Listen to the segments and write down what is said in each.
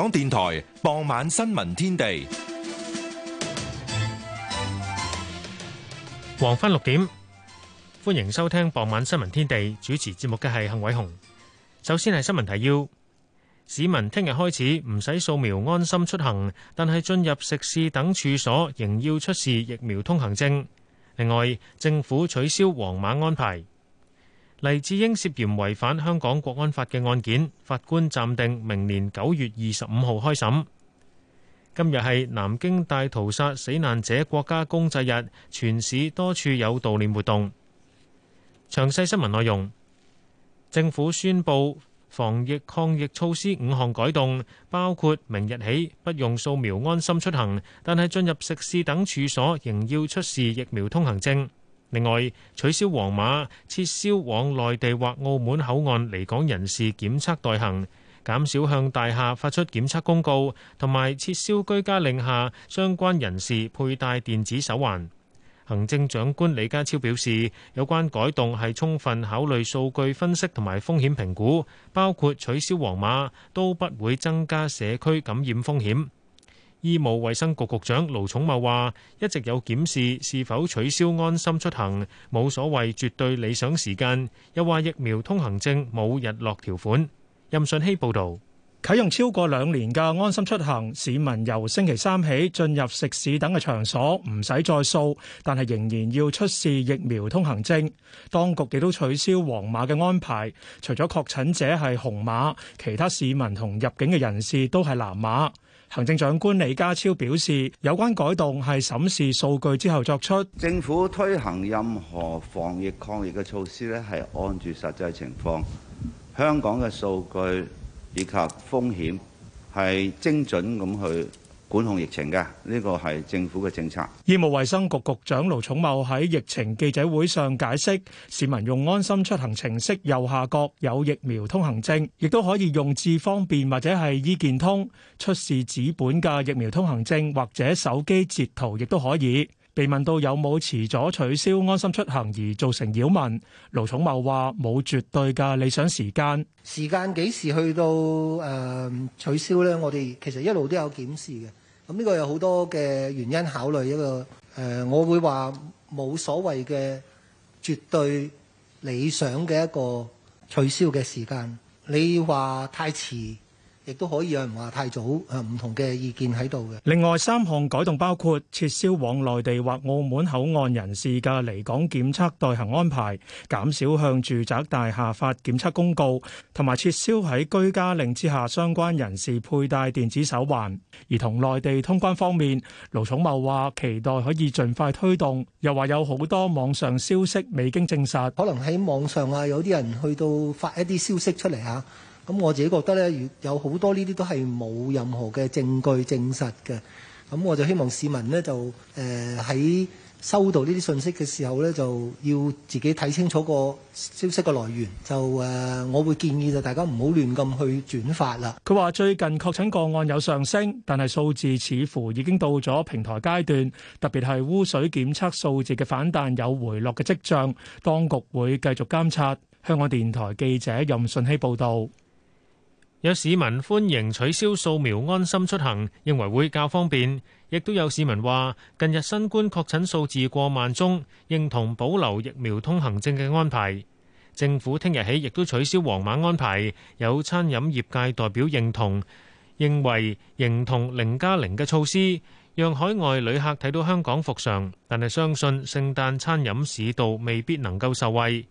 港電台傍晚新聞天地，黃昏六點歡迎收聽傍晚新聞天地。主持節目嘅係幸偉雄。首先係新聞提要：市民聽日開始唔使掃描安心出行，但係進入食肆等處所仍要出示疫苗通行證。另外，政府取消黃碼安排。黎智英涉嫌違反香港國安法嘅案件，法官暫定明年九月二十五號開審。今日係南京大屠殺死難者國家公祭日，全市多處有悼念活動。詳細新聞內容，政府宣布防疫抗疫措施五項改動，包括明日起不用掃描安心出行，但係進入食肆等處所仍要出示疫苗通行證。另外，取消黃碼撤銷往內地或澳門口岸離港人士檢測代行，減少向大廈發出檢測公告，同埋撤銷居家令下相關人士佩戴電子手環。行政長官李家超表示，有關改動係充分考慮數據分析同埋風險評估，包括取消黃碼都不會增加社區感染風險。醫務衛生局局長盧寵茂話，一直有檢視是否取消安心出行，冇所謂絕對理想時間。又話疫苗通行證冇日落條款。任順希報道：啟用超過兩年嘅安心出行，市民由星期三起進入食肆等嘅場所唔使再掃，但係仍然要出示疫苗通行證。當局亦都取消黃碼嘅安排，除咗確診者係紅碼，其他市民同入境嘅人士都係藍碼。行政長官李家超表示，有關改動係審視數據之後作出。政府推行任何防疫抗疫嘅措施咧，係按住實際情況、香港嘅數據以及風險，係精準咁去管控疫情噶呢、這個係政府嘅政策。醫務衛生局局長盧寵茂喺疫情記者會上解釋，市民用安心出行程式右下角有疫苗通行證，亦都可以用智方便或者係醫健通出示紙本嘅疫苗通行證或者手機截圖亦都可以。被問到有冇遲咗取消安心出行而造成擾民，盧寵茂話冇絕對嘅理想時間，時間幾時去到誒、呃、取消咧？我哋其實一路都有檢視嘅。咁呢個有好多嘅原因考慮一個，誒，我會話冇所謂嘅絕對理想嘅一個取消嘅時間。你話太遲。亦都可以有人話太早，誒，唔同嘅意見喺度嘅。另外三項改動包括撤銷往內地或澳門口岸人士嘅離港檢測代行安排，減少向住宅大廈發檢測公告，同埋撤銷喺居家令之下相關人士佩戴電子手環。而同內地通關方面，盧寵茂話期待可以盡快推動，又話有好多網上消息未經證實，可能喺網上啊有啲人去到發一啲消息出嚟吓。咁我自己覺得咧，有好多呢啲都係冇任何嘅證據證實嘅。咁我就希望市民呢，就誒喺收到呢啲信息嘅時候呢，就要自己睇清楚個消息嘅來源。就誒，我會建議就大家唔好亂咁去轉發啦。佢話最近確診個案有上升，但係數字似乎已經到咗平台階段，特別係污水檢測數字嘅反彈有回落嘅跡象，當局會繼續監察。香港電台記者任信希報道。有市民歡迎取消掃描安心出行，認為會較方便；亦都有市民話，近日新冠確診數字過萬宗，認同保留疫苗通行證嘅安排。政府聽日起亦都取消黃碼安排，有餐飲業界代表認同，認為認同零加零嘅措施，讓海外旅客睇到香港復常。但係相信聖誕餐飲市道未必能夠受惠。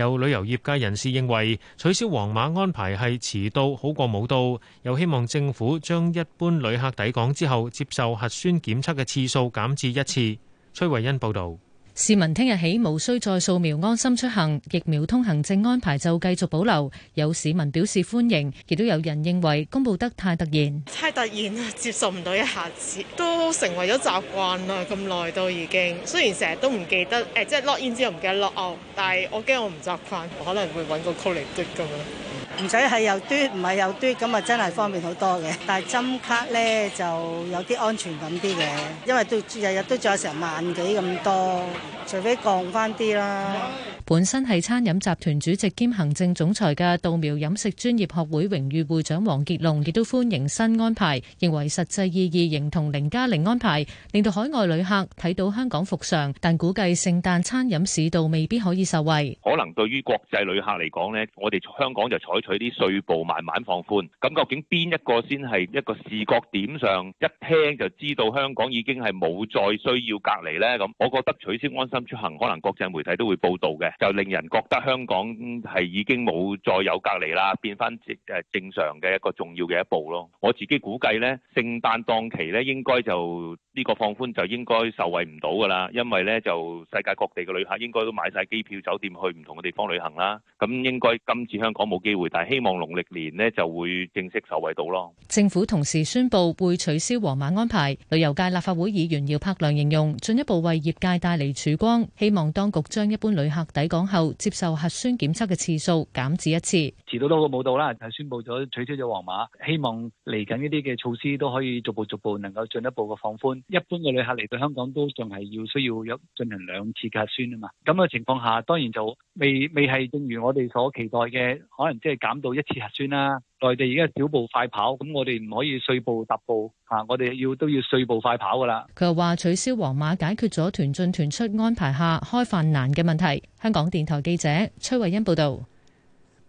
有旅遊業界人士認為取消黃碼安排係遲到好過冇到，又希望政府將一般旅客抵港之後接受核酸檢測嘅次數減至一次。崔慧欣報導。市民聽日起無需再掃描安心出行，疫苗通行證安排就繼續保留。有市民表示歡迎，亦都有人認為公布得太突然。太突然啦，接受唔到一下子，都成為咗習慣啦。咁耐都已經，雖然成日都唔記得，誒、呃，即係落 in 之後唔記得落 out，但係我驚我唔習慣，可能會揾個 code 嚟嘟咁樣。唔使係又嘟，唔係又嘟，咁啊真係方便好多嘅。但係針卡咧就有啲安全感啲嘅，因為都日日都仲有成萬幾咁多，除非降翻啲啦。本身係餐飲集團主席兼行政總裁嘅稻苗飲食專業學會榮譽會長黃傑龍亦都歡迎新安排，認為實際意義仍同零加零安排，令到海外旅客睇到香港復常，但估計聖誕餐飲市道未必可以受惠。可能對於國際旅客嚟講咧，我哋香港就採取。佢啲稅步慢慢放寬，咁究竟邊一個先係一個視覺點上，一聽就知道香港已經係冇再需要隔離咧？咁我覺得取消安心出行，可能國際媒體都會報道嘅，就令人覺得香港係已經冇再有隔離啦，變翻正誒正常嘅一個重要嘅一步咯。我自己估計咧，聖誕檔期咧應該就呢個放寬就應該受惠唔到㗎啦，因為咧就世界各地嘅旅客應該都買晒機票、酒店去唔同嘅地方旅行啦，咁應該今次香港冇機會。希望農曆年呢就會正式受惠到咯。政府同時宣布會取消黃碼安排。旅遊界立法會議員姚柏良形容進一步為業界帶嚟曙光，希望當局將一般旅客抵港後接受核酸檢測嘅次數減至一次。遲到都好過冇到啦，就宣布咗取消咗黃碼，希望嚟緊呢啲嘅措施都可以逐步逐步能夠進一步嘅放寬。一般嘅旅客嚟到香港都仲係要需要有進行兩次核酸啊嘛。咁嘅情況下，當然就未未係，正如我哋所期待嘅，可能即係減到一次核酸啦。內地而家小步快跑，咁我哋唔可以碎步踏步，吓、啊、我哋要都要碎步快跑噶啦。佢又話取消黃碼解決咗團進團出安排下開飯難嘅問題。香港電台記者崔慧欣報道，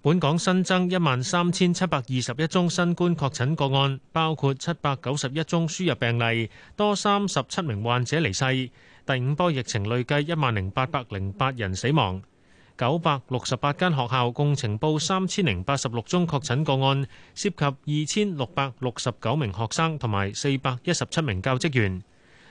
本港新增一萬三千七百二十一宗新冠確診個案，包括七百九十一宗輸入病例，多三十七名患者離世。第五波疫情累計一萬零八百零八人死亡。九百六十八間學校共呈報三千零八十六宗確診個案，涉及二千六百六十九名學生同埋四百一十七名教職員。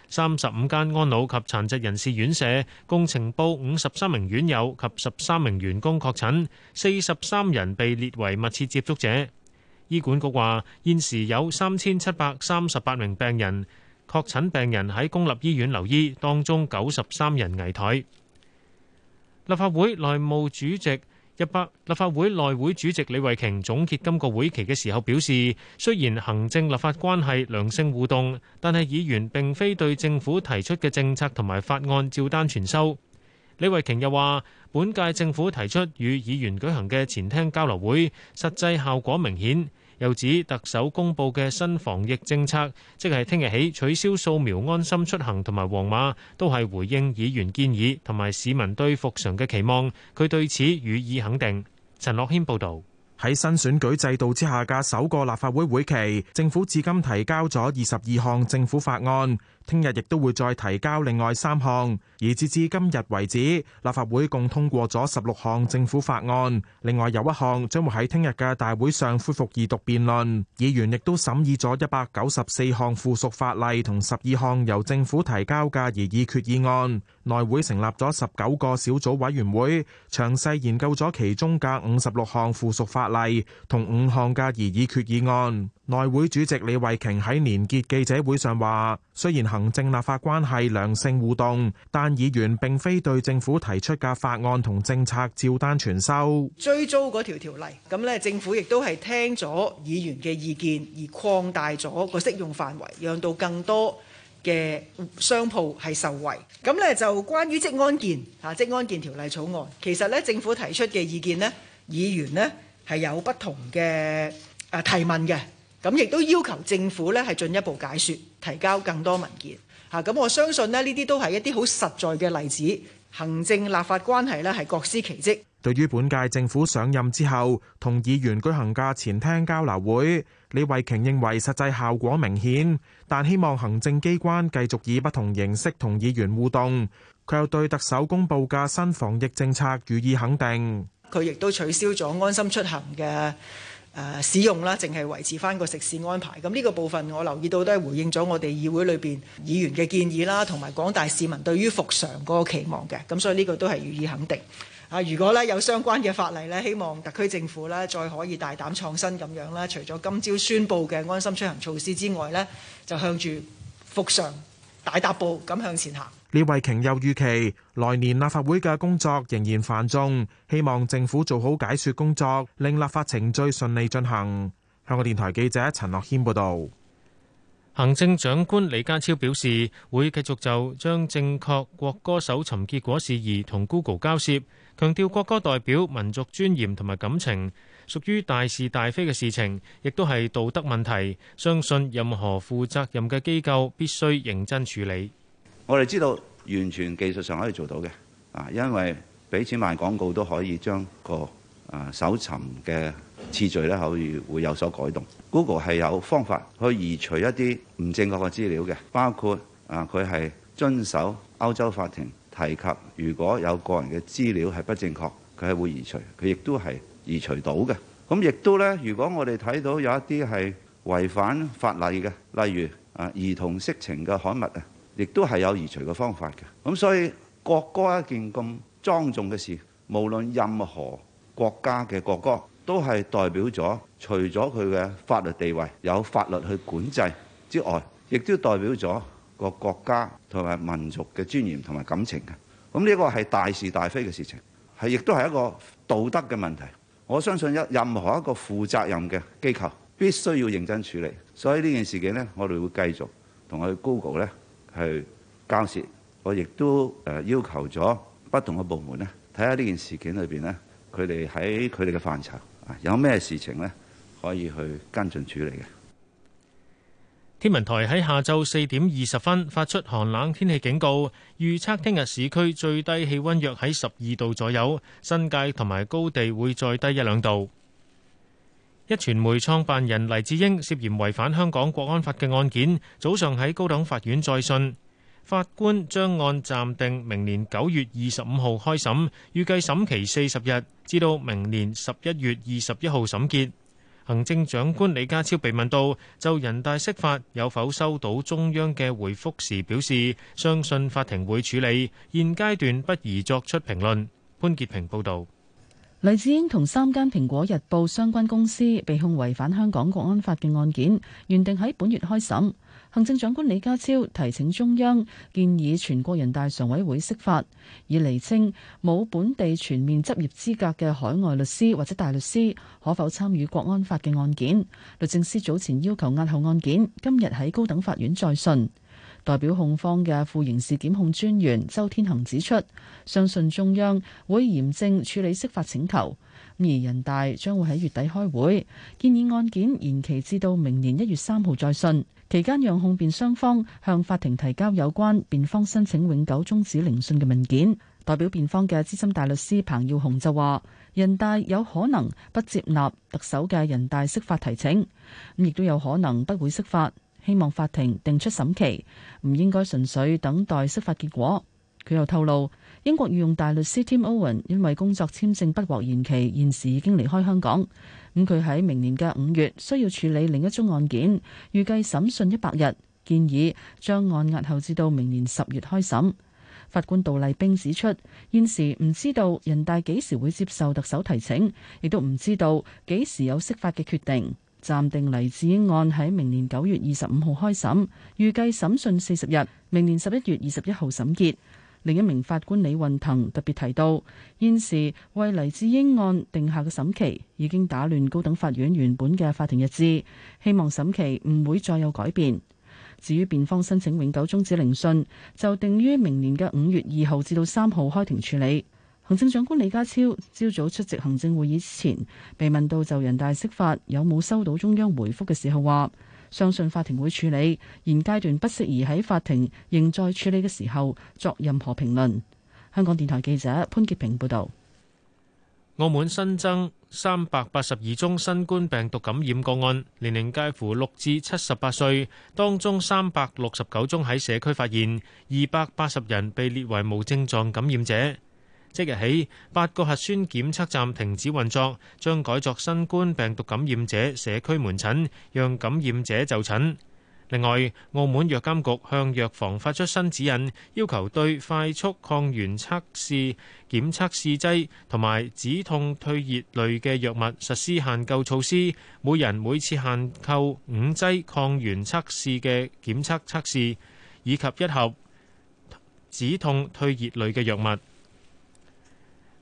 三十五間安老及殘疾人士院舍共呈報五十三名院友及十三名員工確診，四十三人被列為密切接觸者。醫管局話，現時有三千七百三十八名病人確診，確診病人喺公立醫院留醫，當中九十三人危殆。立法會內務主席入白，100, 立法會內會主席李慧瓊總結今個會期嘅時候表示，雖然行政立法關係良性互動，但係議員並非對政府提出嘅政策同埋法案照單全收。李慧瓊又話，本屆政府提出與議員舉行嘅前廳交流會，實際效果明顯。又指特首公布嘅新防疫政策，即係聽日起取消掃描安心出行同埋黃碼都係回應議員建議同埋市民對復常嘅期望。佢對此予以肯定。陳樂謙報道：喺新選舉制度之下嘅首個立法會會期，政府至今提交咗二十二項政府法案。聽日亦都會再提交另外三項，而截至至今日為止，立法會共通過咗十六項政府法案，另外有一項將會喺聽日嘅大會上恢復二讀辯論。議員亦都審議咗一百九十四項附屬法例同十二項由政府提交嘅擬議決議案。內會成立咗十九個小組委員會，詳細研究咗其中嘅五十六項附屬法例同五項嘅擬議決議案。內會主席李慧瓊喺連結記者會上話：雖然。行政立法關係良性互動，但議員並非對政府提出嘅法案同政策照單全收。追租嗰條條例，咁咧政府亦都係聽咗議員嘅意見而擴大咗個適用範圍，讓到更多嘅商鋪係受惠。咁咧就關於職安健、吓職安健條例草案，其實咧政府提出嘅意見呢，議員呢係有不同嘅誒提問嘅。咁亦都要求政府呢係進一步解說，提交更多文件嚇。咁我相信呢，呢啲都係一啲好實在嘅例子。行政立法關係呢係各司其職。對於本屆政府上任之後同議員舉行嘅前廳交流會，李慧瓊認為實際效果明顯，但希望行政機關繼續以不同形式同議員互動。佢又對特首公布嘅新防疫政策予以肯定。佢亦都取消咗安心出行嘅誒使用啦，淨係維持翻個食肆安排。咁呢個部分，我留意到都係回應咗我哋議會裏邊議員嘅建議啦，同埋廣大市民對於復常嗰個期望嘅。咁所以呢個都係予以肯定。啊，如果呢有相關嘅法例呢，希望特區政府呢，再可以大膽創新咁樣啦。除咗今朝宣布嘅安心出行措施之外呢，就向住復常大踏步咁向前行。李慧瓊又預期，來年立法會嘅工作仍然繁重，希望政府做好解說工作，令立法程序順利進行。香港電台記者陳樂謙報道。行政長官李家超表示，會繼續就將正確國歌搜尋結果事宜同 Google 交涉，強調國歌代表民族尊嚴同埋感情，屬於大是大非嘅事情，亦都係道德問題。相信任何負責任嘅機構必須認真處理。我哋知道完全技術上可以做到嘅啊，因為俾錢賣廣告都可以將個啊搜尋嘅次序咧可以會有所改動。Google 係有方法去移除一啲唔正確嘅資料嘅，包括啊，佢係遵守歐洲法庭提及，如果有個人嘅資料係不正確，佢係會移除，佢亦都係移除到嘅。咁亦都咧，如果我哋睇到有一啲係違反法例嘅，例如啊，兒童色情嘅刊物啊。亦都係有移除嘅方法嘅，咁所以國歌一件咁莊重嘅事，無論任何國家嘅國歌,都係代表咗除咗佢嘅法律地位有法律去管制之外，亦都代表咗個國家同埋民族嘅尊嚴同埋感情嘅。咁呢個係大是大非嘅事情，係亦都係一個道德嘅問題，我相信一任何一個負責任嘅機構必須要認真處理。所以呢件事件咧，我哋會繼續同佢 Google 咧。去交涉，我亦都誒要求咗不同嘅部門咧，睇下呢件事件裏邊咧，佢哋喺佢哋嘅範疇啊，有咩事情咧可以去跟進處理嘅。天文台喺下晝四點二十分發出寒冷天氣警告，預測聽日市區最低氣溫約喺十二度左右，新界同埋高地會再低一兩度。一傳媒創辦人黎智英涉嫌違反香港國安法嘅案件，早上喺高等法院再訊，法官將案暫定明年九月二十五號開審，預計審期四十日，至到明年十一月二十一號審結。行政長官李家超被問到就人大釋法有否收到中央嘅回覆時，表示相信法庭會處理，現階段不宜作出評論。潘潔平報道。黎智英同三間蘋果日報相關公司被控違反香港國安法嘅案件，原定喺本月開審。行政長官李家超提請中央建議全國人大常委會釋法，以厘清冇本地全面執業資格嘅海外律師或者大律師可否參與國安法嘅案件。律政司早前要求押後案件，今日喺高等法院再訊。代表控方嘅副刑事檢控專員周天行指出，相信中央會嚴正處理釋法請求，而人大將會喺月底開會，建議案件延期至到明年一月三號再訊，期間讓控辯雙方向法庭提交有關辯方申請永久終止聆訊嘅文件。代表辯方嘅資深大律師彭耀雄就話，人大有可能不接納特首嘅人大釋法提請，亦都有可能不會釋法。希望法庭定出審期，唔應該純粹等待釋法結果。佢又透露，英國御用大律師 Tim Owen 因為工作簽證不獲延期，現時已經離開香港。咁佢喺明年嘅五月需要處理另一宗案件，預計審訊一百日，建議將案押後至到明年十月開審。法官杜麗冰指出，現時唔知道人大幾時會接受特首提請，亦都唔知道幾時有釋法嘅決定。暫定黎智英案喺明年九月二十五號開審，預計審訊四十日，明年十一月二十一號審結。另一名法官李運騰特別提到，現時為黎智英案定下嘅審期已經打亂高等法院原本嘅法庭日誌，希望審期唔會再有改變。至於辯方申請永久終止聆訊，就定於明年嘅五月二號至到三號開庭處理。行政長官李家超朝早出席行政會議之前，被問到就人大釋法有冇收到中央回覆嘅時候，話相信法庭會處理，現階段不適宜喺法庭仍在處理嘅時候作任何評論。香港電台記者潘潔平報道：澳門新增三百八十二宗新冠病毒感染個案，年齡介乎六至七十八歲，當中三百六十九宗喺社區發現，二百八十人被列為無症狀感染者。即日起，八個核酸檢測站停止運作，將改作新冠病毒感染者社區門診，讓感染者就診。另外，澳門藥監局向藥房發出新指引，要求對快速抗原測試檢測試劑同埋止痛退熱類嘅藥物實施限購措施，每人每次限購五劑抗原測試嘅檢測測試以及一盒止痛退熱類嘅藥物。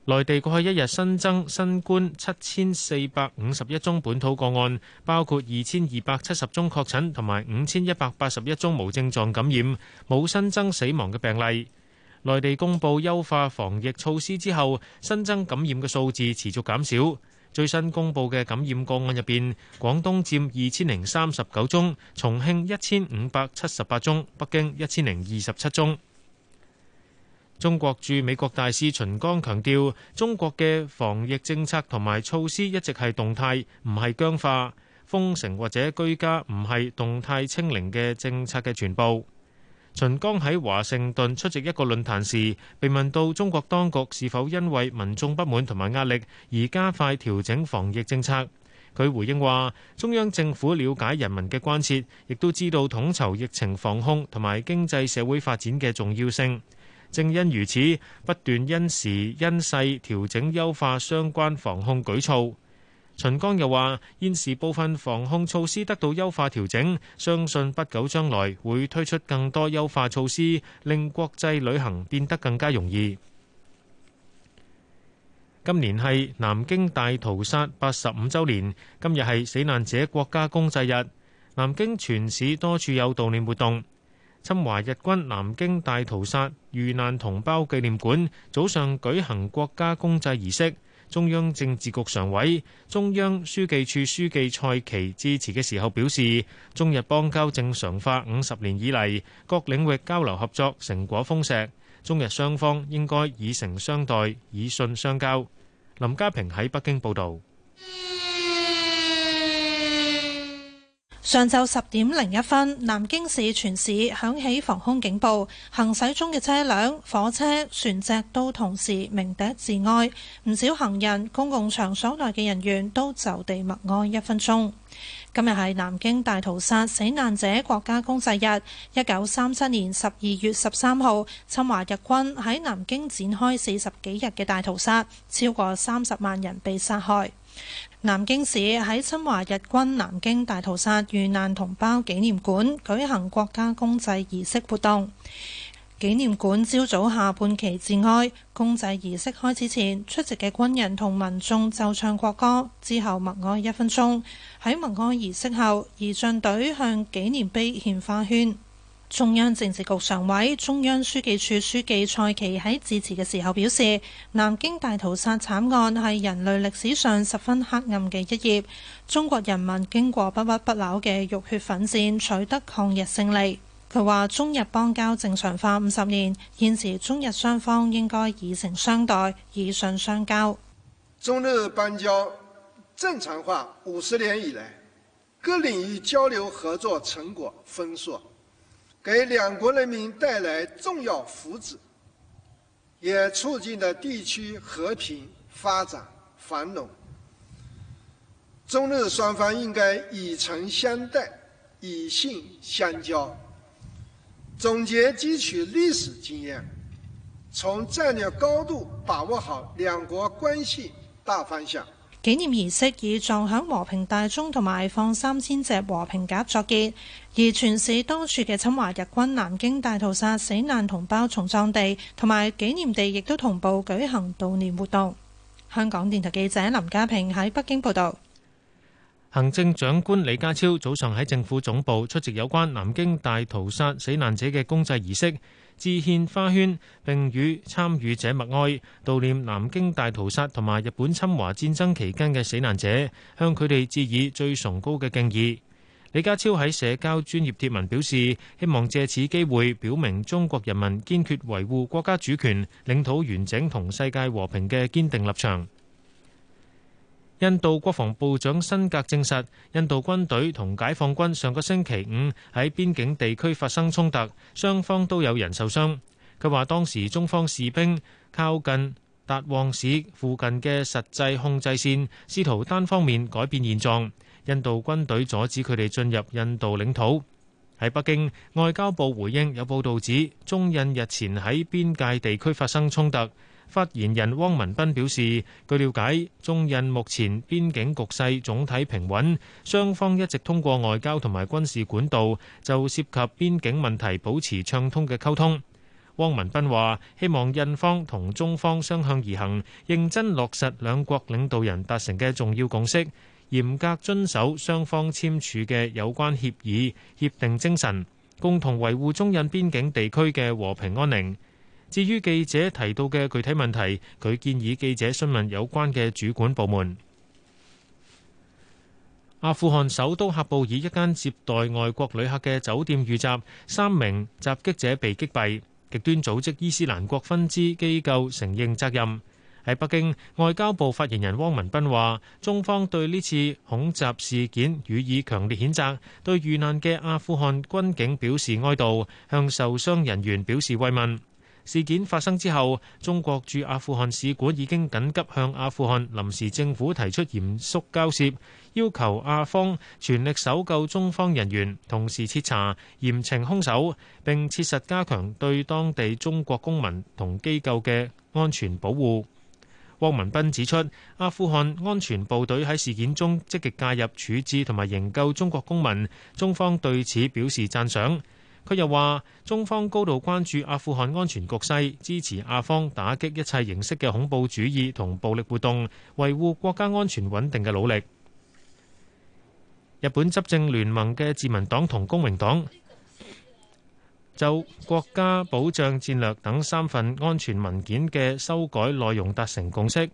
內地過去一日新增新冠七千四百五十一宗本土個案，包括二千二百七十宗確診同埋五千一百八十一宗無症狀感染，冇新增死亡嘅病例。內地公布優化防疫措施之後，新增感染嘅數字持續減少。最新公布嘅感染個案入邊，廣東佔二千零三十九宗，重慶一千五百七十八宗，北京一千零二十七宗。中國駐美國大使秦剛強調，中國嘅防疫政策同埋措施一直係動態，唔係僵化、封城或者居家，唔係動態清零嘅政策嘅全部。秦剛喺華盛頓出席一個論壇時，被問到中國當局是否因為民眾不滿同埋壓力而加快調整防疫政策，佢回應話：中央政府了解人民嘅關切，亦都知道統籌疫情防控同埋經濟社會發展嘅重要性。正因如此，不斷因時因勢調整優化相關防控舉措。秦剛又話現時部分防控措施得到優化調整，相信不久將來會推出更多優化措施，令國際旅行變得更加容易。今年係南京大屠殺八十五周年，今日係死難者國家公祭日，南京全市多處有悼念活動。侵華日軍南京大屠殺遇難同胞紀念館早上舉行國家公祭儀式，中央政治局常委、中央書記處書記蔡奇致辭嘅時候表示，中日邦交正常化五十年以嚟，各領域交流合作成果豐碩，中日雙方應該以誠相待，以信相交。林家平喺北京報道。上晝十點零一分，南京市全市響起防空警報，行駛中嘅車輛、火車、船隻都同時鳴笛致哀，唔少行人、公共場所內嘅人員都就地默哀一分鐘。今日係南京大屠殺死難者國家公祭日，一九三七年十二月十三號，侵華日軍喺南京展開四十幾日嘅大屠殺，超過三十萬人被殺害。南京市喺侵華日軍南京大屠殺遇難同胞紀念館舉行國家公祭儀式活動。紀念館朝早下半旗致哀，公祭儀式開始前，出席嘅軍人同民眾奏唱國歌，之後默哀一分鐘。喺默哀儀式後，儀仗隊向紀念碑獻花圈。中央政治局常委、中央書記處書記蔡奇喺致辭嘅時候表示，南京大屠殺慘案係人類歷史上十分黑暗嘅一頁。中國人民經過不屈不撓嘅浴血奮戰，取得抗日勝利。佢話中日邦交正常化五十年，現時中日雙方應該以誠相待，以信相交。中日邦交正常化五十年以來，各領域交流合作成果豐碩。給兩國人民帶來重要福祉，也促進了地區和平發展繁榮。中日雙方應該以誠相待，以信相交，總結汲取歷史經驗，從戰略高度把握好兩國關係大方向。紀念儀式以撞響和平大鐘，同埋放三千隻和平鴿作結。而全市多處嘅侵華日軍南京大屠殺死難同胞叢葬地同埋紀念地亦都同步舉行悼念活動。香港電台記者林家平喺北京報道。行政長官李家超早上喺政府總部出席有關南京大屠殺死難者嘅公祭儀式，致獻花圈，並與參與者默哀悼念南京大屠殺同埋日本侵華戰爭期間嘅死難者，向佢哋致以最崇高嘅敬意。李家超喺社交專頁貼文表示，希望借此機會表明中國人民堅決維護國家主權、領土完整同世界和平嘅堅定立場。印度國防部長辛格證實，印度軍隊同解放軍上個星期五喺邊境地區發生衝突，雙方都有人受傷。佢話當時中方士兵靠近達旺市附近嘅實際控制線，試圖單方面改變現狀。印度軍隊阻止佢哋進入印度領土。喺北京，外交部回應有報道指，中印日前喺邊界地區發生衝突。發言人汪文斌表示，據了解，中印目前邊境局勢總體平穩，雙方一直通過外交同埋軍事管道就涉及邊境問題保持暢通嘅溝通。汪文斌話：希望印方同中方相向而行，認真落實兩國領導人達成嘅重要共識。嚴格遵守雙方簽署嘅有關協議、協定精神，共同維護中印邊境地區嘅和平安寧。至於記者提到嘅具體問題，佢建議記者詢問有關嘅主管部門。阿富汗首都喀布爾一間接待外國旅客嘅酒店遇襲，三名襲擊者被擊斃，極端組織伊斯蘭國分支機構承認責任。喺北京，外交部發言人汪文斌話：中方對呢次恐襲事件予以強烈譴責，對遇難嘅阿富汗軍警表示哀悼，向受傷人員表示慰問。事件發生之後，中國駐阿富汗使館已經緊急向阿富汗臨時政府提出嚴肅交涉，要求阿方全力搜救中方人員，同時徹查嚴懲兇手，並切實加強對當地中國公民同機構嘅安全保護。汪文斌指出，阿富汗安全部隊喺事件中積極介入處置同埋營救中國公民，中方對此表示讚賞，佢又話中方高度關注阿富汗安全局勢，支持阿方打擊一切形式嘅恐怖主義同暴力活動，維護國家安全穩定嘅努力。日本執政聯盟嘅自民黨同公明黨。就國家保障戰略等三份安全文件嘅修改內容達成共識。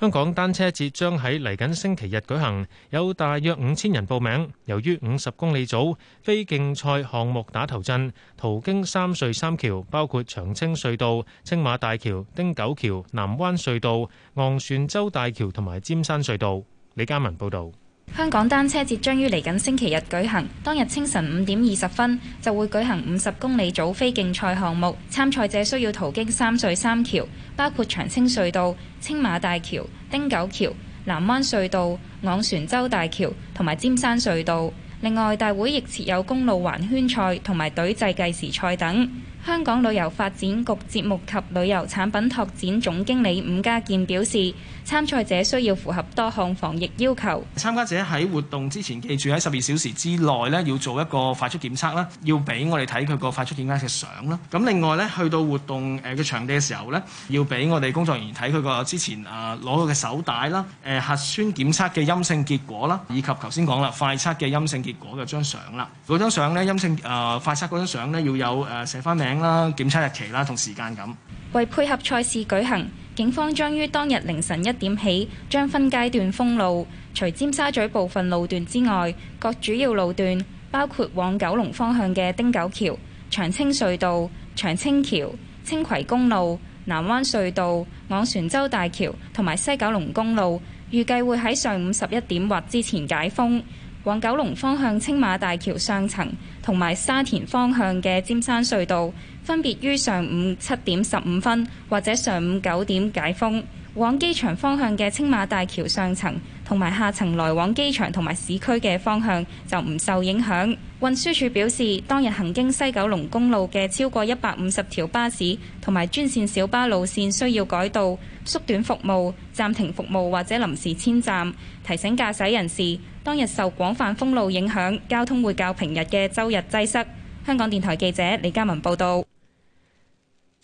香港單車節將喺嚟緊星期日舉行，有大約五千人報名。由於五十公里組非競賽項目打頭陣，途經三隧三橋，包括長青隧道、青馬大橋、汀九橋、南灣隧道、昂船洲大橋同埋尖山隧道。李嘉文報導。香港單車節將於嚟緊星期日舉行，當日清晨五點二十分就會舉行五十公里組非競賽項目，參賽者需要途經三隧三橋，包括長青隧道、青馬大橋、汀九橋、南灣隧道、昂船洲大橋同埋尖山隧道。另外，大會亦設有公路環圈賽同埋隊制計時賽等。香港旅遊發展局節目及旅遊產品拓展總經理伍家健表示。參賽者需要符合多項防疫要求。參加者喺活動之前，記住喺十二小時之內咧要做一個快速檢測啦，要俾我哋睇佢個快速檢測嘅相啦。咁另外咧，去到活動誒嘅場地嘅時候咧，要俾我哋工作人員睇佢個之前啊攞佢嘅手帶啦、誒、啊、核酸檢測嘅陰性結果啦，以及頭先講啦快測嘅陰性結果嘅張相啦。嗰張相咧陰性啊、呃、快測嗰張相咧要有誒寫翻名啦、檢測日期啦同時間咁。為配合賽事舉行，警方將於當日凌晨一點起將分階段封路。除尖沙咀部分路段之外，各主要路段包括往九龍方向嘅汀九橋、長青隧道、長青橋、青葵公路、南灣隧道、昂船洲大橋同埋西九龍公路，預計會喺上午十一點或之前解封。往九龍方向青馬大橋上層同埋沙田方向嘅尖山隧道，分別於上午七點十五分或者上午九點解封，往機場方向嘅青馬大橋上層同埋下層來往機場同埋市區嘅方向就唔受影響。運輸署表示，當日行經西九龍公路嘅超過一百五十條巴士同埋專線小巴路線需要改道、縮短服務、暫停服務或者臨時遷站，提醒駕駛人士，當日受廣泛封路影響，交通會較平日嘅周日擠塞。香港電台記者李嘉文報道。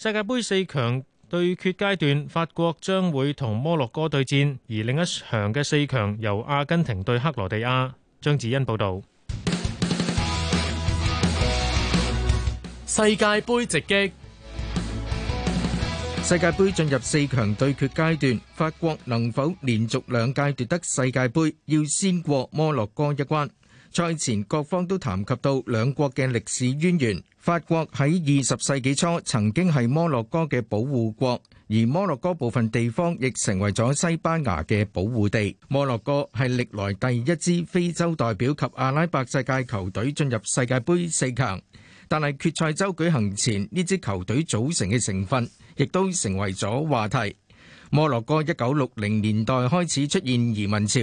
世界杯四強對決階段，法國將會同摩洛哥對戰，而另一場嘅四強由阿根廷對克羅地亞。張子欣報道。世界杯直擊，世界杯進入四強對決階段，法國能否連續兩屆奪得世界杯？要先過摩洛哥一關。賽前各方都談及到兩國嘅歷史淵源。法國喺二十世紀初曾經係摩洛哥嘅保護國，而摩洛哥部分地方亦成為咗西班牙嘅保護地。摩洛哥係歷來第一支非洲代表及阿拉伯世界球隊進入世界杯四強，但係決賽周舉行前，呢支球隊組成嘅成分亦都成為咗話題。摩洛哥一九六零年代開始出現移民潮，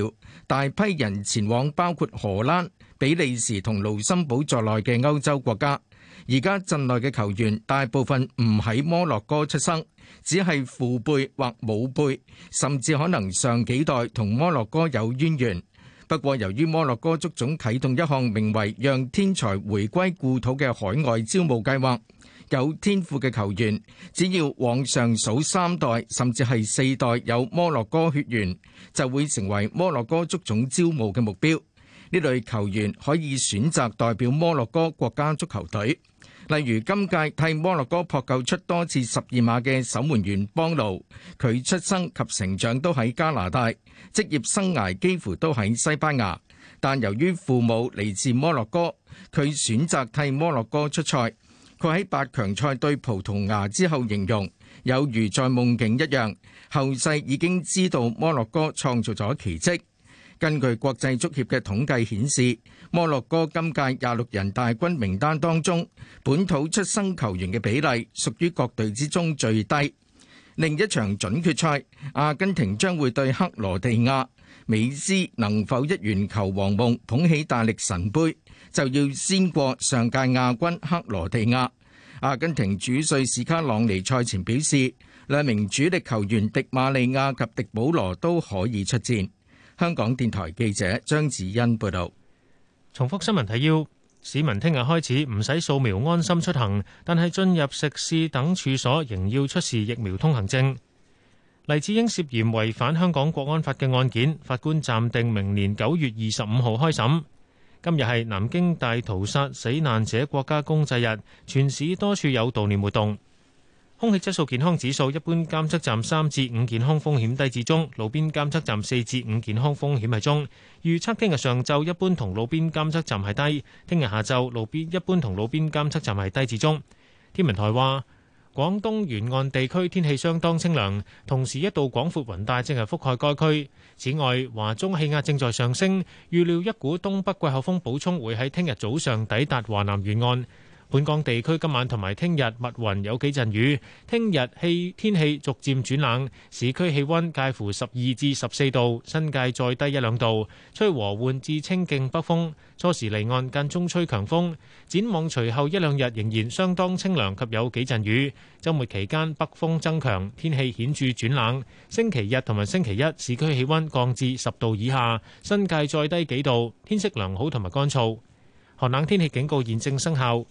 大批人前往包括荷蘭、比利時同盧森堡在內嘅歐洲國家。而家陣內嘅球員大部分唔喺摩洛哥出生，只係父輩或母輩，甚至可能上幾代同摩洛哥有淵源。不過，由於摩洛哥足總啟動一項名為「讓天才回歸故土」嘅海外招募計劃。有天賦嘅球員，只要往上數三代，甚至係四代有摩洛哥血緣，就會成為摩洛哥足總招募嘅目標。呢類球員可以選擇代表摩洛哥國家足球隊。例如今屆替摩洛哥撲救出多次十二碼嘅守門員邦奴，佢出生及成長都喺加拿大，職業生涯幾乎都喺西班牙，但由於父母嚟自摩洛哥，佢選擇替摩洛哥出賽。佢喺八強賽對葡萄牙之後形容，有如在夢境一樣。後世已經知道摩洛哥創造咗奇蹟。根據國際足協嘅統計顯示，摩洛哥今屆廿六人大軍名單當中，本土出生球員嘅比例屬於各隊之中最低。另一場準決賽，阿根廷將會對克羅地亞，美斯能否一圓球王夢，捧起大力神杯？就要先過上屆亞軍克羅地亞。阿根廷主帥斯卡朗尼賽前表示，兩名主力球員迪馬利亞及迪保羅都可以出戰。香港電台記者張子欣報導。重複新聞提要：市民聽日開始唔使掃描安心出行，但係進入食肆等處所仍要出示疫苗通行證。黎智英涉嫌違反香港國安法嘅案件，法官暫定明年九月二十五號開審。今日係南京大屠殺死難者國家公祭日，全市多處有悼念活動。空氣質素健康指數一般監測站三至五，健康風險低至中，路邊監測站四至五，健康風險係中。預測聽日上晝一般同路邊監測站係低，聽日下晝路邊一般同路邊監測站係低至中。天文台話，廣東沿岸地區天氣相當清涼，同時一道廣闊雲帶正係覆蓋該區。此外，華中氣壓正在上升，預料一股東北季候風補充會喺聽日早上抵達華南沿岸。本港地區今晚同埋聽日密雲有幾陣雨。聽日氣天氣逐漸轉冷，市區氣温介乎十二至十四度，新界再低一兩度，吹和緩至清勁北風。初時離岸間中吹強風。展望隨後一兩日仍然相當清涼及有幾陣雨。週末期間北風增強，天氣顯著轉冷。星期日同埋星期一市區氣温降至十度以下，新界再低幾度。天色良好同埋乾燥。寒冷天氣警告現正生效。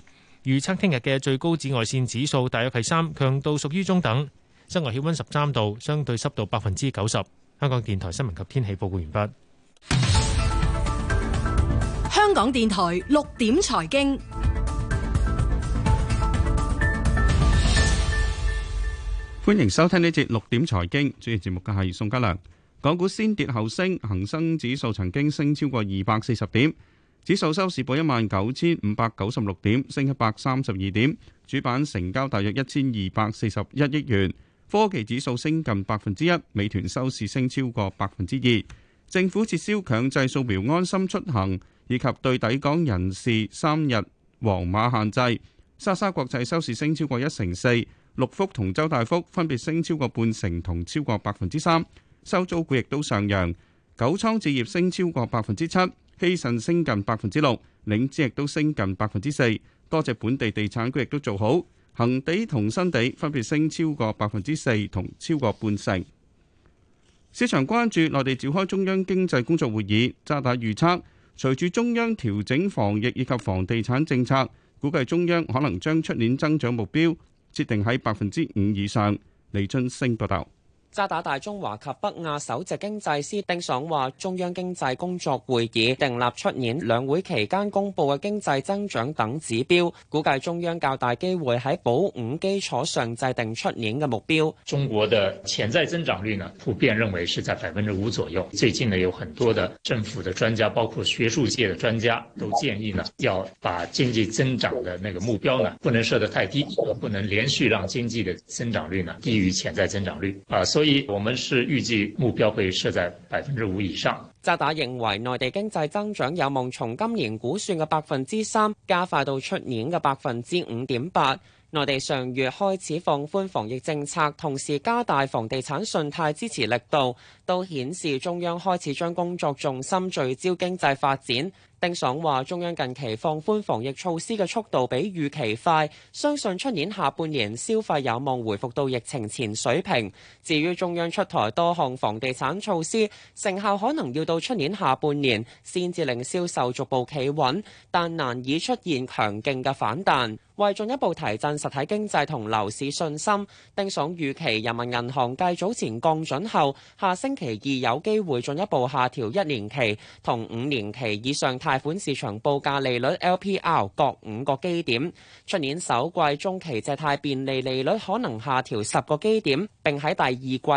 預測聽日嘅最高紫外線指數大約係三，強度屬於中等。室外氣温十三度，相對濕度百分之九十。香港電台新聞及天氣報告完畢。香港電台六點財經，歡迎收聽呢節六點財經。主持節目嘅係宋家良。港股先跌後升，恒生指數曾經升超過二百四十點。指數收市報一萬九千五百九十六點，升一百三十二點。主板成交大約一千二百四十一億元。科技指數升近百分之一，美團收市升超過百分之二。政府撤銷強制掃描，描安心出行，以及對抵港人士三日黃碼限制。莎莎國際收市升超過一成四，六福同周大福分別升超過半成同超過百分之三。收租股亦都上揚，九倉置業升超過百分之七。希慎升近百分之六，領資亦都升近百分之四，多隻本地地產股亦都做好，恒地同新地分別升超過百分之四同超過半成。市場關注內地召開中央經濟工作會議，渣打預測隨住中央調整防疫以及房地產政策，估計中央可能將出年增長目標設定喺百分之五以上。李春盛報道。渣打大中華及北亞首席經濟師丁爽話：中央經濟工作會議訂立出年兩會期間公佈嘅經濟增長等指標，估計中央較大機會喺保五基礎上制定出年嘅目標。中國的潛在增長率呢，普遍認為是在百分之五左右。最近呢，有很多的政府的專家，包括學術界的專家，都建議呢，要把經濟增長的那個目標呢，不能設得太低，而不能連續讓經濟的增長率呢，低於潛在增長率。啊，所以。我們是預計目標會設在百分之五以上。渣打認為內地經濟增長有望從今年估算嘅百分之三加快到出年嘅百分之五點八。內地上月開始放寬防疫政策，同時加大房地產信貸支持力度，都顯示中央開始將工作重心聚焦經濟發展。丁爽話：中央近期放寬防疫措施嘅速度比預期快，相信出年下半年消費有望回復到疫情前水平。至於中央出台多項房地產措施，成效可能要到出年下半年先至令銷售逐步企穩，但難以出現強勁嘅反彈。為進一步提振實體經濟同樓市信心，丁爽預期人民銀行繼早前降準後，下星期二有機會進一步下調一年期同五年期以上貸。貸款市場報價利率 LPR 各五個基點，出年首季中期借貸便利利率可能下調十個基點，並喺第二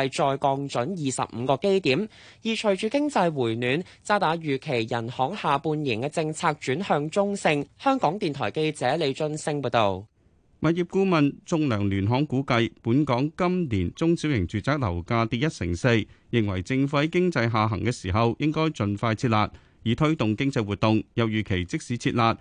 季再降準二十五個基點。而隨住經濟回暖，渣打預期人行下半年嘅政策轉向中性。香港電台記者李津升報道。物業顧問仲量聯行估計，本港今年中小型住宅樓價跌一成四，認為政府喺經濟下行嘅時候應該盡快設立。以推動經濟活動，又預期即使設立，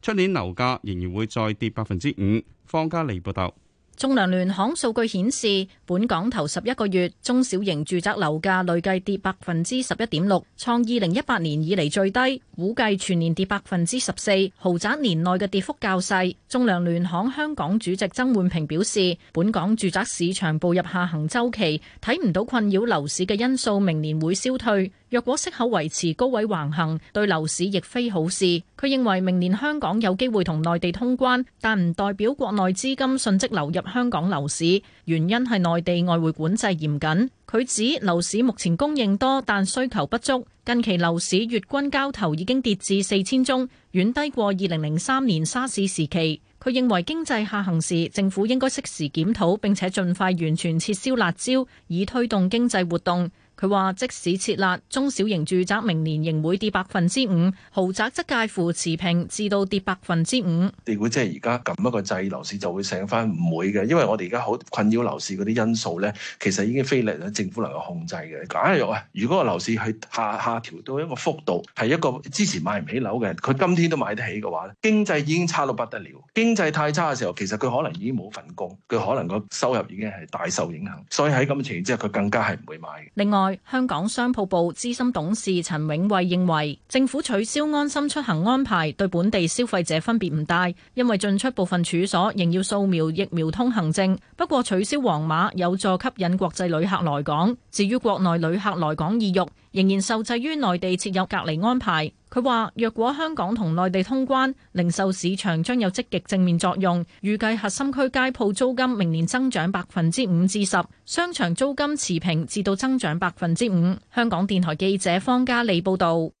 出年樓價仍然會再跌百分之五。方家莉報道。仲量聯行數據顯示，本港頭十一個月中小型住宅樓價累計跌百分之十一點六，創二零一八年以嚟最低，估計全年跌百分之十四。豪宅年內嘅跌幅較細。仲量聯行香港主席曾煥平表示，本港住宅市場步入下行周期，睇唔到困擾樓市嘅因素明年會消退。若果息口維持高位橫行，對樓市亦非好事。佢認為明年香港有機會同內地通關，但唔代表國內資金迅即流入香港樓市，原因係內地外匯管制嚴謹，佢指樓市目前供應多，但需求不足。近期樓市月均交投已經跌至四千宗，遠低過二零零三年沙士時期。佢認為經濟下行時，政府應該適時檢討，並且盡快完全撤銷辣招，以推動經濟活動。佢話：即使設立中小型住宅，明年仍會跌百分之五；豪宅則介乎持平至到跌百分之五。如果即係而家咁一個制，樓市就會醒翻。唔會嘅，因為我哋而家好困擾樓市嗰啲因素咧，其實已經非力喺政府能夠控制嘅。假如喂，如果個樓市係下下調到一個幅度，係一個之前買唔起樓嘅人，佢今天都買得起嘅話咧，經濟已經差到不得了。經濟太差嘅時候，其實佢可能已經冇份工，佢可能個收入已經係大受影響。所以喺咁嘅情形之下，佢更加係唔會買。另外。香港商鋪部資深董事陳永慧認為，政府取消安心出行安排對本地消費者分別唔大，因為進出部分處所仍要掃描疫苗通行證。不過取消黃碼有助吸引國際旅客來港。至於國內旅客來港意欲，仍然受制於內地設有隔離安排。佢話：若果香港同內地通關，零售市場將有積極正面作用。預計核心區街鋪租金明年增長百分之五至十，商場租金持平至到增長百分之五。香港電台記者方嘉利報道。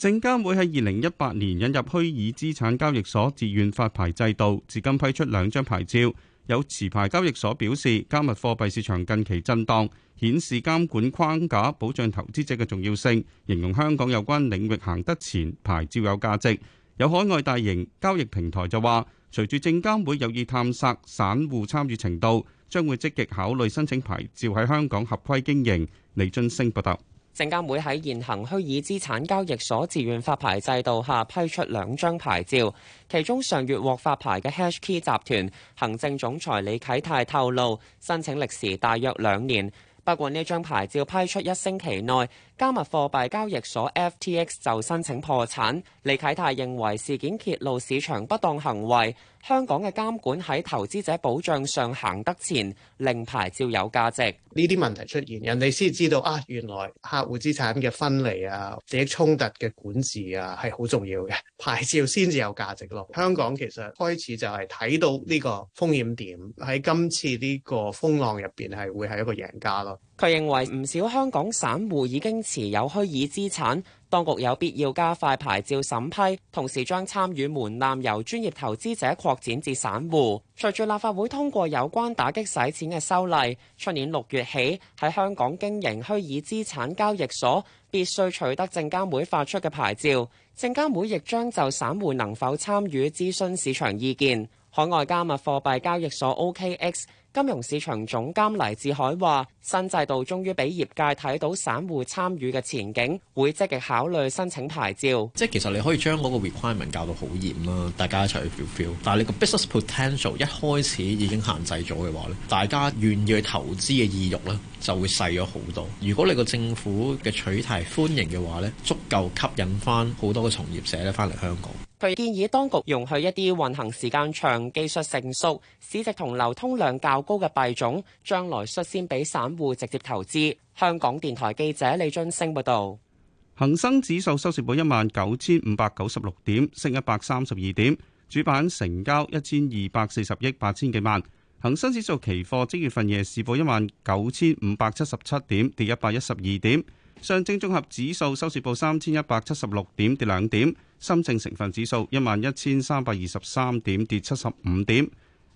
證監會喺二零一八年引入虛擬資產交易所自願發牌制度，至今批出兩張牌照。有持牌交易所表示，加密貨幣市場近期震盪，顯示監管框架保障投資者嘅重要性，形容香港有關領域行得前，牌照有價值。有海外大型交易平台就話隨住證監會有意探索散戶參與程度，將會積極考慮申請牌照喺香港合規經營。李津升報道。證監會喺現行虛擬資產交易所自願發牌制度下批出兩張牌照，其中上月獲發牌嘅 HashKey 集團行政總裁李啟泰透露，申請歷時大約兩年。不過呢張牌照批出一星期內，加密貨幣交易所 FTX 就申請破產。李啟泰認為事件揭露市場不當行為。香港嘅監管喺投資者保障上行得前，令牌照有價值。呢啲問題出現，人哋先知道啊，原來客戶資產嘅分離啊，或者衝突利益衝突嘅管治啊，係好重要嘅，牌照先至有價值咯。香港其實開始就係睇到呢個風險點，喺今次呢個風浪入邊，係會，係一個贏家咯。佢認為唔少香港散戶已經持有虛擬資產。當局有必要加快牌照審批，同時將參與門檻由專業投資者擴展至散戶。隨住立法會通過有關打擊洗錢嘅修例，出年六月起喺香港經營虛擬資產交易所必須取得證監會發出嘅牌照。證監會亦將就散戶能否參與諮詢市場意見。海外加密貨幣交易所 OKX、OK。金融市場總監黎智海話：新制度終於俾業界睇到散戶參與嘅前景，會積極考慮申請牌照。即係其實你可以將嗰個 requirement 教到好嚴啦，大家一齊去 feel feel。但係你個 business potential 一開始已經限制咗嘅話咧，大家願意去投資嘅意欲咧就會細咗好多。如果你個政府嘅取態歡迎嘅話咧，足夠吸引翻好多嘅從業者咧翻嚟香港。佢建議當局容許一啲運行時間長、技術成熟、市值同流通量較高嘅幣種，將來率先俾散戶直接投資。香港電台記者李俊升報道：「恒生指數收市報一萬九千五百九十六點，升一百三十二點。主板成交一千二百四十億八千幾萬。恒生指數期貨即月份夜市報一萬九千五百七十七點，跌一百一十二點。上證綜合指數收市報三千一百七十六點，跌兩點。深證成分指數一萬一千三百二十三點，跌七十五點。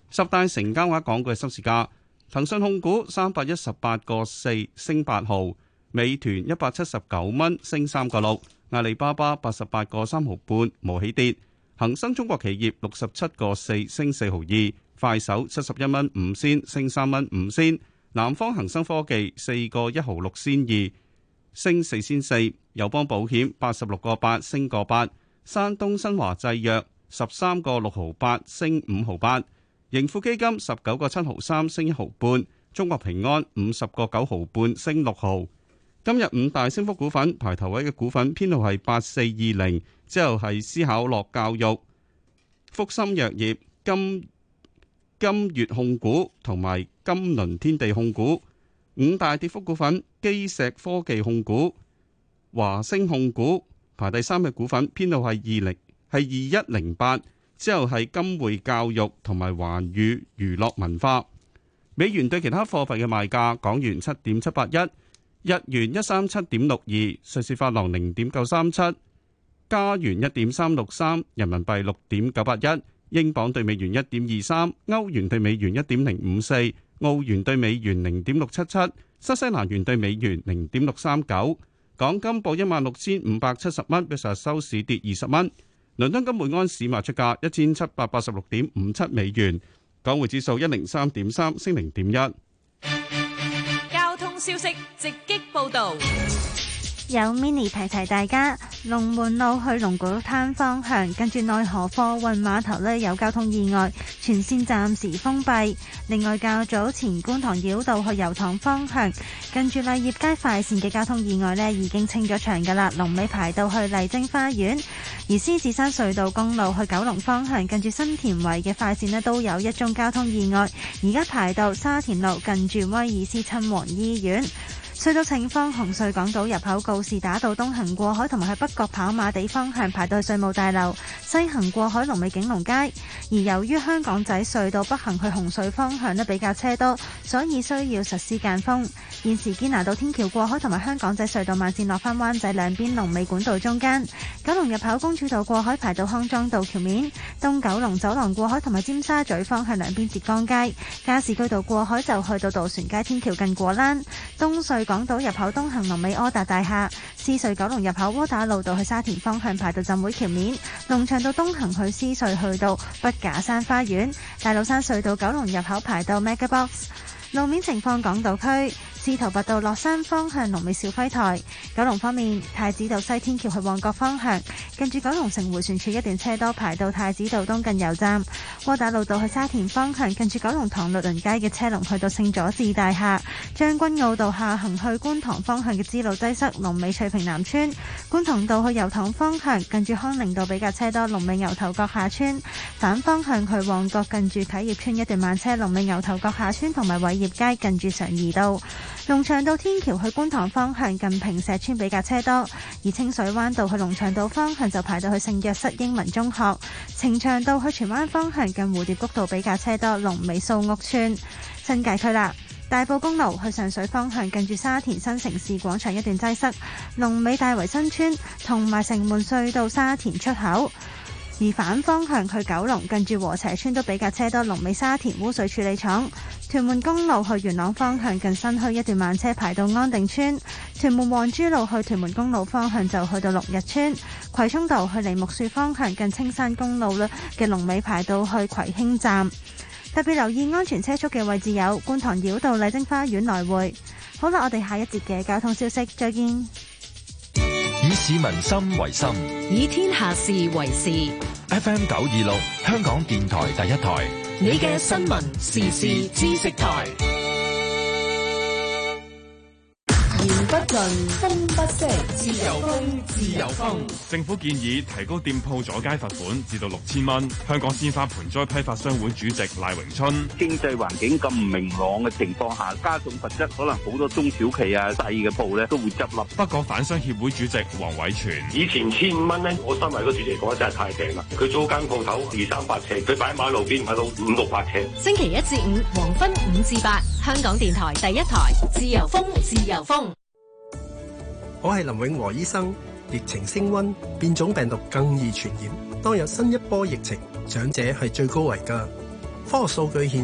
十大成交額港股嘅收市價：騰訊控股三百一十八個四升八毫，美團一百七十九蚊升三個六，阿里巴巴八十八個三毫半冇起跌，恒生中國企業六十七個四升四毫二，快手七十一蚊五仙升三蚊五仙，南方恒生科技四個一毫六仙二升四仙四，友邦保險八十六個八升個八。山東新華製藥十三個六毫八升五毫八，盈富基金十九個七毫三升一毫半，中國平安五十個九毫半升六毫。今日五大升幅股份排頭位嘅股份編號係八四二零，之後係思考樂教育、福森藥業、金金月控股同埋金輪天地控股。五大跌幅股份，基石科技控股、華星控股。排第三嘅股份，編號係二零，係二一零八，之後係金匯教育同埋環宇娛樂文化。美元對其他貨幣嘅賣價：港元七點七八一，日元一三七點六二，瑞士法郎零點九三七，加元一點三六三，人民幣六點九八一，英鎊對美元一點二三，歐元對美元一點零五四，澳元對美元零點六七七，新西蘭元對美元零點六三九。港金報一萬六千五百七十蚊，比上日收市跌二十蚊。倫敦金每安市賣出價一千七百八十六點五七美元，港匯指數一零三點三升零點一。交通消息直擊報道。有 mini 提提大家，龍門路去龍鼓灘方向，近住內河貨運碼頭呢有交通意外，全線暫時封閉。另外，較早前觀塘繞道去油塘方向，近住麗業街快線嘅交通意外呢已經清咗場噶啦。龍尾排到去麗晶花園，而獅子山隧道公路去九龍方向，近住新田圍嘅快線呢都有一宗交通意外，而家排到沙田路近住威爾斯親王醫院。隧道情況：紅隧港島入口告士打道東行過海，同埋去北角跑馬地方向排隊稅務大樓西行過海龍尾景隆街。而由於香港仔隧道北行去紅隧方向都比較車多，所以需要實施間封。現時堅拿道天橋過海同埋香港仔隧道慢線落翻灣仔兩邊龍尾管道中間。九龍入口公主道過海排到康莊道橋面，東九龍走廊過海同埋尖沙咀方向兩邊浙江街。加士居道過海就去到渡船街天橋近果欄東隧。港島入口東行龍尾柯達大廈，獅隧九龍入口窩打老道去沙田方向排到浸會橋面，龍翔道東行去獅隧去到北假山花園，大老山隧道九龍入口排到 mega box 路面情況，港島區。司徒拔道落山方向，龍尾肇輝台；九龍方面，太子道西天橋去旺角方向，近住九龍城回旋處一段車多，排到太子道東近油站；窩打老道去沙田方向，近住九龍塘綠林街嘅車龍去到聖佐治大廈；將軍澳道下行去觀塘方向嘅支路擠塞，龍尾翠屏南村；觀塘道去油塘方向，近住康寧道比較車多，龍尾牛頭角下村。反方向去旺角，近住啟業村一段慢車，龍尾牛頭角下村同埋偉業街,街,街,街近住常怡道。龍翔道天橋去觀塘方向近坪石邨比較車多，而清水灣道去龍翔道方向就排到去聖若瑟英文中學。呈祥道去荃灣方向近蝴蝶谷道比較車多，龍尾蘇屋邨新界區啦。大埔公路去上水方向近住沙田新城市廣場一段擠塞，龍尾大圍新村同埋城門隧道沙田出口。而反方向去九龍，近住禾輋邨都比較車多。龍尾沙田污水處理廠，屯門公路去元朗方向近新墟一段慢車排到安定村。屯門皇珠路去屯門公路方向就去到六日村。葵涌道去梨木樹方向近青山公路啦嘅龍尾排到去葵興站。特別留意安全車速嘅位置有觀塘繞道麗晶花園來回。好啦，我哋下一節嘅交通消息，再見。以民心為心，以天下事為事。FM 九二六，香港電台第一台，你嘅新聞時事知識台。不盡風不息，自由風，自由風。政府建議提高店鋪阻街罰款至到六千蚊。香港鮮花盆栽批發商會主席賴榮春：經濟環境咁唔明朗嘅情況下，加重罰則，可能好多中小企啊、細嘅鋪咧都會執笠。不過，反商協會主席黃偉全：以前千五蚊呢，我身為個主席講得真係太平啦。佢租間鋪頭二三百尺，佢擺喺馬路邊擺到五六百尺。星期一至五黃昏五至八，香港電台第一台，自由風，自由風。我係林永和醫生，疫情升溫，變種病毒更易傳染。當有新一波疫情，長者係最高危噶。科學數據顯示。